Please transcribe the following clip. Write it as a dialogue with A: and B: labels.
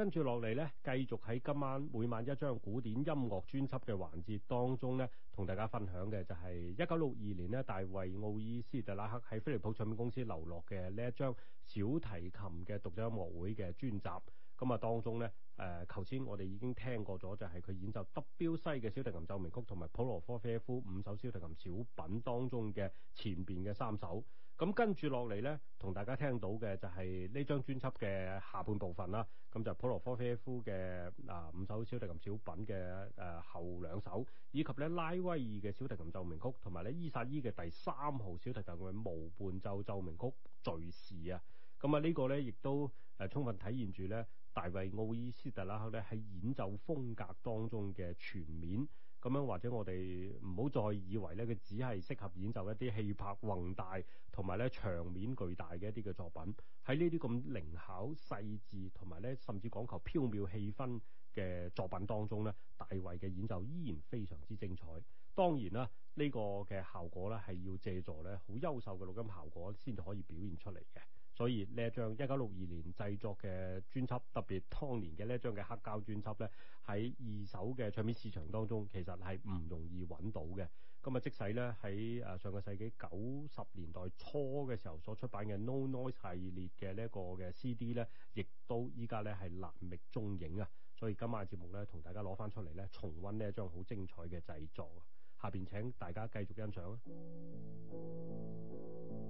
A: 跟住落嚟咧，繼續喺今晚每晚一張古典音樂專輯嘅環節當中咧，同大家分享嘅就係一九六二年咧，大衛奧伊斯特拉克喺菲利浦唱片公司流落嘅呢一張小提琴嘅獨奏音樂會嘅專集。咁、嗯、啊，當中咧，誒、呃，頭先我哋已經聽過咗，就係佢演奏德彪西嘅小提琴奏鳴曲，同埋普羅科菲夫五首小提琴小品當中嘅前邊嘅三首。咁跟住落嚟咧，同大家聽到嘅就係呢張專輯嘅下半部分啦。咁就普羅科菲耶夫嘅啊、呃、五首小提琴小品嘅誒、呃、後兩首，以及咧拉威爾嘅小提琴奏鳴曲，同埋咧伊薩伊嘅第三號小提琴嘅無伴奏奏鳴曲敘事啊。咁、這、啊、個、呢個咧亦都誒、呃、充分體現住咧大衛奧伊斯特拉克咧喺演奏風格當中嘅全面。咁樣或者我哋唔好再以為咧，佢只係適合演奏一啲氣魄宏大同埋咧場面巨大嘅一啲嘅作品。喺呢啲咁靈巧細緻同埋咧，甚至講求飄渺氣氛嘅作品當中咧，大衛嘅演奏依然非常之精彩。當然啦，呢、這個嘅效果咧係要借助咧好優秀嘅錄音效果先至可以表現出嚟嘅。所以呢一張一九六二年製作嘅專輯，特別當年嘅呢一張嘅黑膠專輯咧，喺二手嘅唱片市場當中，其實係唔容易揾到嘅。咁啊、嗯，即使咧喺誒上個世紀九十年代初嘅時候所出版嘅 No Noise 系列嘅呢一個嘅 CD 咧，亦都依家咧係難覓蹤影啊！所以今晚嘅節目咧，同大家攞翻出嚟咧，重溫呢一張好精彩嘅製作。下邊請大家繼續欣賞啊！